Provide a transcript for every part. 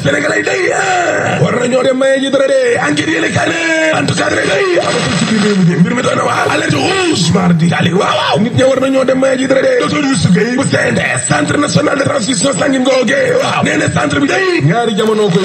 Sénégal ay day eh, war nañoo dem maye ji dara de enquête yéene kaa ne en tout na waa alerte rouge mardi day jamono koy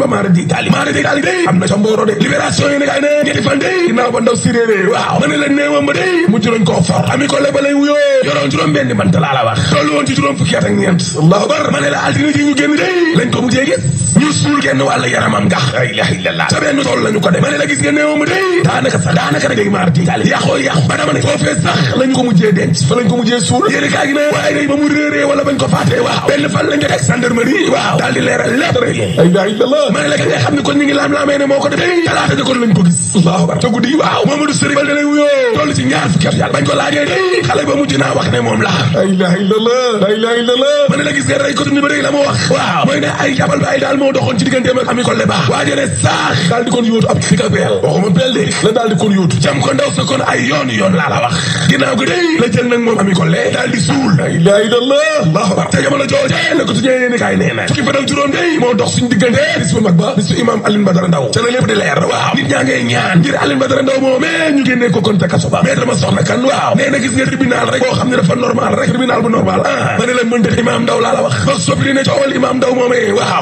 bëgg a am na sombooro de libération yéene kaa ne fan day ginnaaw ba ndaw si réeré waaw ma ne la neewam ba day mujj nañ koo for ami ko la ba lay wuyoo yoroon juróom benn bant wax tollu woon ci juróom fukki at ak ñeent allahu akbar ma ne la altine ji ñu génn day lañ ko déedéet ñu suul genn wàll yaramam ngax la ilaha illallah sa benn tool lañu ko def ma ne la gis ngeen néew ma day daanaka sax daanaka da ngay maar di taale yàqoo yàqu ba dama ne foofee sax lañu ko mujjee denc fa lañ ko mujjee suul yéene kaa gi ne waaye day ba mu réeree wala bañ ko faatee waaw benn fan lañ ko teg gendarmerie waaw daal di leeral lépp rek la ilaha illallah ma ne la nga xam ne kon ñu ngi laam-laamee ne moo ko def day talaata jëkkoon lañ ko gis allahu akbar te guddi waaw Mamadou Sëri Bal dalay wuyoo toll ci ñaar fukki at yàlla bañ ko laajee day xale ba mujj naa wax ne moom la la ilaha illallah la ilaha illallah ma ne la gis ngeen rey ko ni ba rek la mu wax waaw mooy ne ay xamal bi ay daal moo doxoon ci digganteem ak Ami Collé Ba waaje ne saax daal di kon yóotu ab sik ak peel waxuma peel de la daal di kon yóotu jam ko ndaw sa kon ay yoon yoon laa la wax ginnaaw gi day la jël nag moom Ami Collé daal di suul la ilaha illallah allahu akbar te jamono jooje la ko tujee yéene kaay nee na fukki fan ak juróom day moo dox suñu diggante bis bu mag ba bis bu imam Alioune Badara Ndaw ca la lépp di leer waaw nit ñaa ngay ñaan ngir Alioune Badara Ndaw moom ñu génnee ko kon te kaso ba mais dama soxna kan waaw nee na gis nga tribunal rek boo xam ne dafa normal rek tribunal bu normal ah ma ne la mënta imam Ndaw laa la wax ba soppi ne coowal imam Ndaw moomee waaw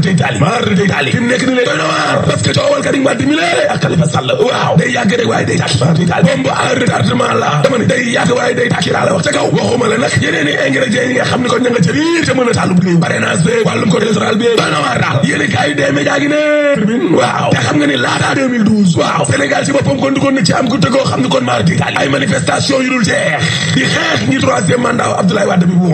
day taali maar day taali fi mu nekk ni lay doy na waar parce que coowal Karim Wade mi lee ak Khalifa Sall waaw day yàgg rek waaye day taali bombe à retardement la dama ne yàgg waaye day tàkki laa la wax ca kaw waxuma la nag yeneen i ingrédients yi nga xam ne ko ña nga ca biir a daal i gars yi dee média gi ne tribune waaw te xam nga ne laata kon dugoon na ci am ku xam ne kon maar day taali ay manifestation yu dul jeex di xeex ngir troisième mandat Abdoulaye Wade bi bu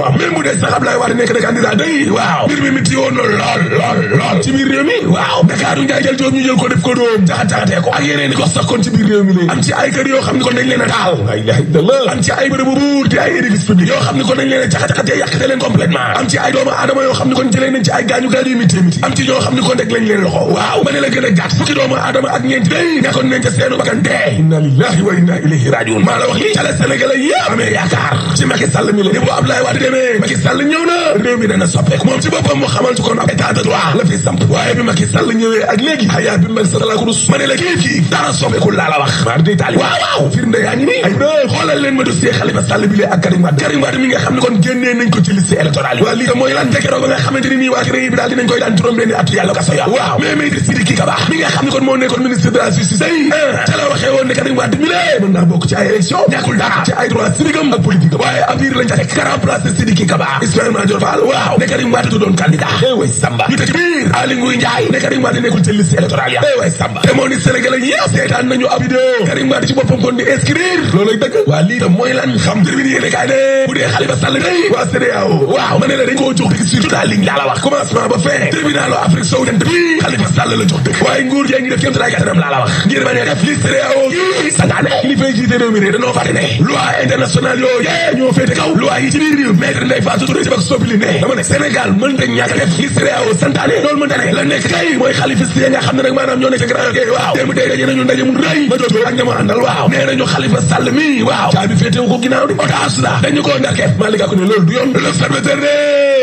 mu lool waaw Dakar njaay jël joob ñu jël ko def ko doom jaxat-jaxatee ko ak yeneen gox sax kon ci biir réew am ci ay kër yoo xam ne kon dañ leen a taal am ci ay bërëb bu buur di ay édifice public yoo xam ne kon dañ leen a jaxat-jaxatee yàqte leen complètement am ci ay doomu aadama yoo xam ne kon jëlee nañ ci ay gaañu gaañu yu métti am ci ñoo xam ne kon deg lañ leen loxo waaw ma ne la gën a gàtt fukki doomu aadama ak ñeenti day nekkoon nañ ca seenu bakkan dee inna li waaw la fi samp waaye bi Macky Sall ñëwee ak léegi ayaa bi Macky Sall ko dus ma ne la kii fii dara soppeeku laa la wax maar di taali waaw waaw firnde yaa ngi nii ay doo xoolal leen ma dossier Khalifa Sall bi lee ak Karim Wade mi nga xam ne kon génnee nañ ko ci liste électorale yi waaw mooy lan jëkkëroo ba nga xamante ni nii waa réew bi daal dinañ koy daan juróom benni at yàlla kaso yaa waaw mais Maître Sidiki Kaba mi nga xam ne kon moo nekkoon ministre de la justice ay ne Karim Wade mi lee mën naa bokk ci ay élection ñàkkul dara ci ay droit civique am ak politique am waaye affaire lañ ca teg kara place Sidiki Kaba Ismaïla Madior Fall waaw ne Karim Wade du doon candidat eh way Samba ñu teg biir Aly Ngouille Ndiaye ne Karim Wade nekkul ci liste électorale ya eh way Samba te moo ni Sénégalais yëpp seetaan nañu ab vidéo Karim Wade ci boppam kon di inscrire looloy dëgg waa lii tam mooy lan xam jërmini yéene kaay ne bu dee Khalifa Sall day waa CEDEAO waaw ma ne la dañ koo jox dëgg sur toute la ligne laa la wax commencement ba fin tribunal Afrique sowu jant bi Khalifa Sall la jox dëgg waaye nguur yaa ngi def kéem tolluwaay gàttanam laa la wax ngir ma ne def liste CEDEAO yow yii santaane kilifa yi jiite réew mi ne dañoo fàtte ne loi internationale yoo yee ñoo féete kaw loi yi ci biir réew maître Ndeye Fatou Touré ci bak sopili ne dama ne Sénégal mën ta ñàkk def li CEDEAO santaane loolu mën ta la nekk kay mooy xalifiste yi nga xam ne nag maanaam ñoo nekk ca grand waaw démb dee dajee nañu ndaje mu rëy ma joojoo ak ñama àndal waaw nee nañu xalifa sàll mi waaw caabi féetewu ko ginnaaw di otage la dañu ko ne loolu du yoon l'observateur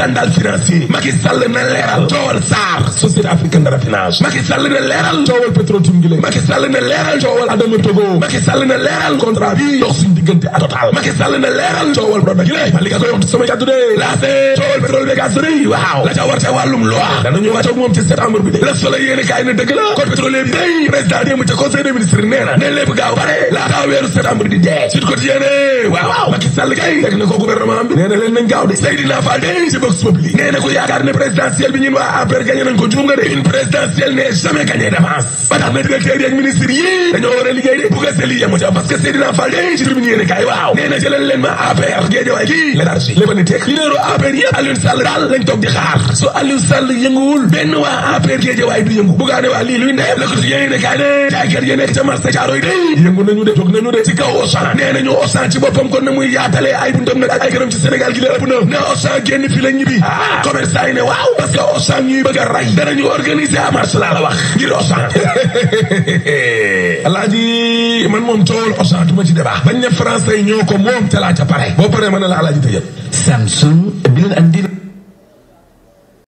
scandale financier Macky Sall na leeral coowal SAR société africaine de raffinage Macky Sall na leeral coowal pétrole tungile Macky Sall na leeral coowal Adama Togo Macky la ca ca wàllum loi danañu wàccoog moom ci septembre bi de Le Soleil yéene kaay na dëgg la code pétrolier bi day président démb ca conseil des ministres nee na ne lépp gaaw bare laataa weeru septembre di waaw waaw Macky Sall kay teg na ko gouvernement bi nee na leen nañ gaaw de Seydina Fall de Vox ko yaakaar ne présidentielle bi ñun waa APR gagné nañ ko de une na directeur de si yéene kaay ne jaaykat yi ci kaw kon na muy yaatalee ay buntam nag ay këram ci Sénégal gi la ëpp na ne Auchan génn fi lañ ñibbi commerçant yi ne waaw parce que Auchan ñuy bëgg a rey danañu organiser à marche laa la wax ngir Auchan alaaji man moom coowal Auchan du ma ci débat bañ ne français ñoo ko moom ca laa ca pare boo paree mën na la alaaji tëjal Samsung bi leen andil